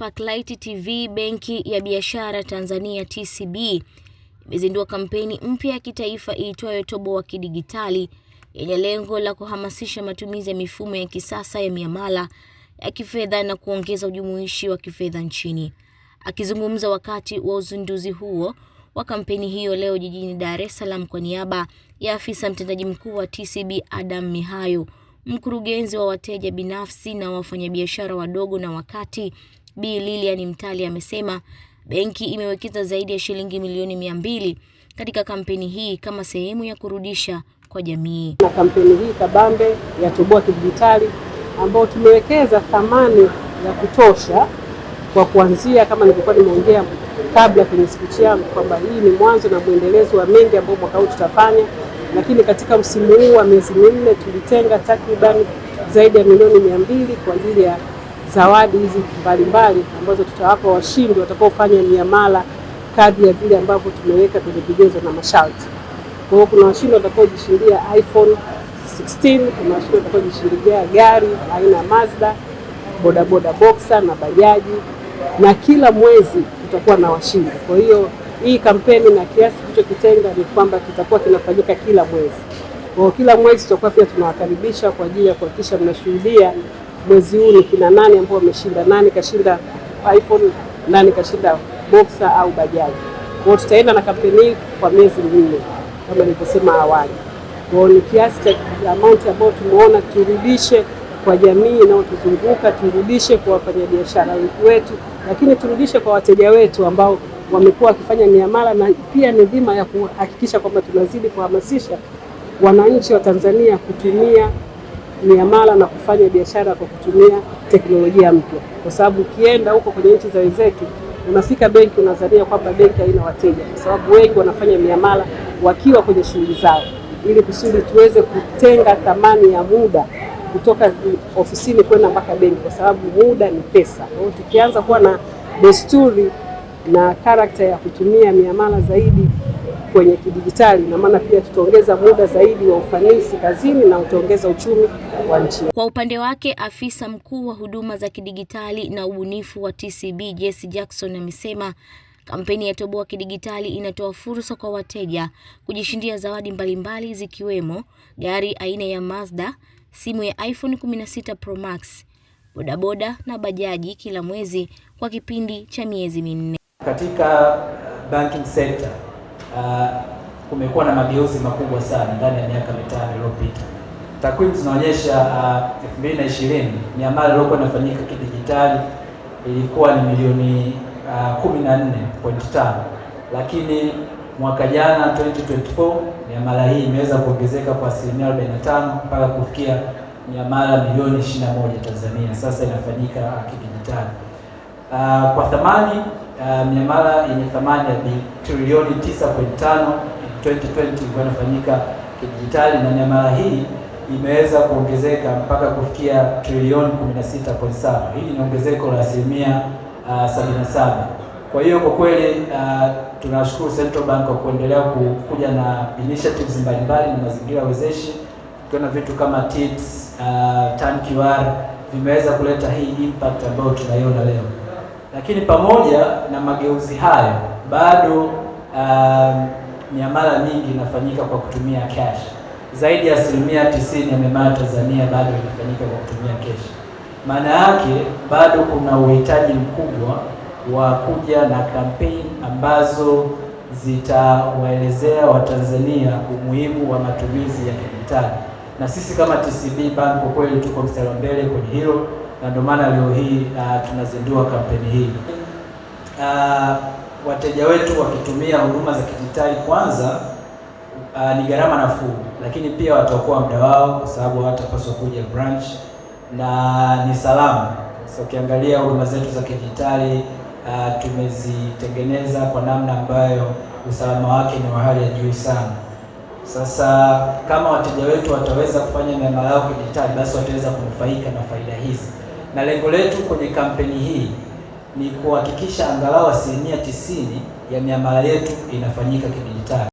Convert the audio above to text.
Sparklight TV, benki ya biashara Tanzania TCB, imezindua kampeni mpya ya kitaifa iitwayo Toboa wa Kidigitali yenye lengo la kuhamasisha matumizi ya mifumo ya kisasa ya miamala ya kifedha na kuongeza ujumuishi wa kifedha nchini. Akizungumza wakati wa uzinduzi huo wa kampeni hiyo leo jijini Dar es Salaam kwa niaba ya afisa mtendaji mkuu wa TCB Adam Mihayo mkurugenzi wa wateja binafsi na wafanyabiashara wadogo na wakati, Bi Lilian Mtali amesema benki imewekeza zaidi ya shilingi milioni mia mbili katika kampeni hii kama sehemu ya kurudisha kwa jamii na kampeni hii kabambe ya Toboa Kidijitali ambayo tumewekeza thamani ya kutosha kwa kuanzia, kama nilikuwa nimeongea kabla kwenye speech yangu kwamba hii ni mwanzo na mwendelezo wa mengi ambayo mwaka huu tutafanya lakini katika msimu huu wa miezi minne tulitenga takriban zaidi ya milioni mia mbili kwa ajili ya zawadi hizi mbalimbali ambazo tutawapa washindi watakaofanya miamala kadri ya vile ambavyo tumeweka kwenye vigezo na masharti. Kwa hiyo kuna washindi watakaojishindia iPhone 16, kuna washindi watakaojishindia gari aina ya Mazda, bodaboda Boxer na bajaji, na kila mwezi tutakuwa na washindi. Kwa hiyo hii kampeni na kiasi kilichokitenga ni kwamba kitakuwa kinafanyika kila mwezi. Kwa kila mwezi tutakuwa pia tunawakaribisha kwa ajili ya kuhakikisha mnashuhudia mwezi huu ni kina nani ambao wameshinda, nani kashinda iPhone, nani kashinda boxer au bajaji. Kwa tutaenda na kampeni hii kwa miezi minne kama nilivyosema awali. Kwa ni kiasi cha amount ambayo tumeona turudishe kwa jamii inayotuzunguka, turudishe kwa wafanyabiashara wetu, lakini turudishe kwa wateja wetu ambao wamekuwa wakifanya miamala na pia ni dhima ya kuhakikisha kwamba tunazidi kuhamasisha wananchi wa Tanzania kutumia miamala na kufanya biashara kwa kutumia teknolojia mpya, kwa sababu ukienda huko kwenye nchi za wenzetu unafika benki unadhania kwamba benki haina wateja, kwa sababu wengi wanafanya miamala wakiwa kwenye shughuli zao, ili kusudi tuweze kutenga thamani ya muda kutoka ofisini kwenda mpaka benki, kwa sababu muda ni pesa. Kwa hiyo tukianza kuwa na desturi na karakta ya kutumia miamala zaidi kwenye kidijitali, na maana pia tutaongeza muda zaidi wa ufanisi kazini na utaongeza uchumi wa nchi. Kwa upande wake, afisa mkuu wa huduma za kidijitali na ubunifu wa TCB Jesse Jackson amesema kampeni ya Toboa Kidigitali inatoa fursa kwa wateja kujishindia zawadi mbalimbali zikiwemo gari aina ya Mazda, simu ya iPhone 16 Pro Max, bodaboda na bajaji kila mwezi kwa kipindi cha miezi minne. Katika uh, banking sector uh, kumekuwa na mageuzi makubwa sana ndani ya miaka mitano iliyopita. Takwimu zinaonyesha uh, 2020 miamala iliyokuwa inafanyika kidijitali ilikuwa ni milioni uh, 14.5, lakini mwaka jana 2024 miamala hii imeweza kuongezeka kwa asilimia 45 mpaka kufikia miamala milioni 21 Tanzania sasa inafanyika uh, kidijitali. Uh, kwa thamani uh, miamala yenye thamani ya trilioni 9.5 2020 inafanyika kidijitali na miamala hii imeweza kuongezeka mpaka kufikia trilioni 16.7. Hili ni ongezeko la asilimia uh, 77. Kwa hiyo kwa kweli uh, tunashukuru Central Bank kwa kuendelea kuja na initiatives mbalimbali na mazingira wezeshi, tukiona vitu kama TIPS, uh, TanQR vimeweza kuleta hii impact ambayo tunaiona leo. Lakini pamoja na mageuzi hayo bado um, miamala um, mingi inafanyika kwa kutumia cash. Zaidi ya asilimia tisini ya miamala Tanzania bado inafanyika kwa kutumia cash. Maana yake bado kuna uhitaji mkubwa wa kuja na campaign ambazo zitawaelezea Watanzania umuhimu wa matumizi ya kidijitali, na sisi kama TCB Bank kwa kweli tuko mstari wa mbele kwenye hilo na ndio maana leo hii uh, tunazindua kampeni hii uh, wateja wetu wakitumia huduma za kidijitali kwanza, uh, ni gharama nafuu, lakini pia wataokoa muda wao kwa sababu hawatapaswa kuja branch na ni salama. So ukiangalia huduma zetu za kidijitali uh, tumezitengeneza kwa namna ambayo usalama wake ni wa hali ya juu sana. Sasa kama wateja wetu wataweza kufanya miamala yao kidijitali, basi wataweza kunufaika na faida hizi na lengo letu kwenye kampeni hii ni kuhakikisha angalau asilimia tisini ya miamala yetu inafanyika kidijitali.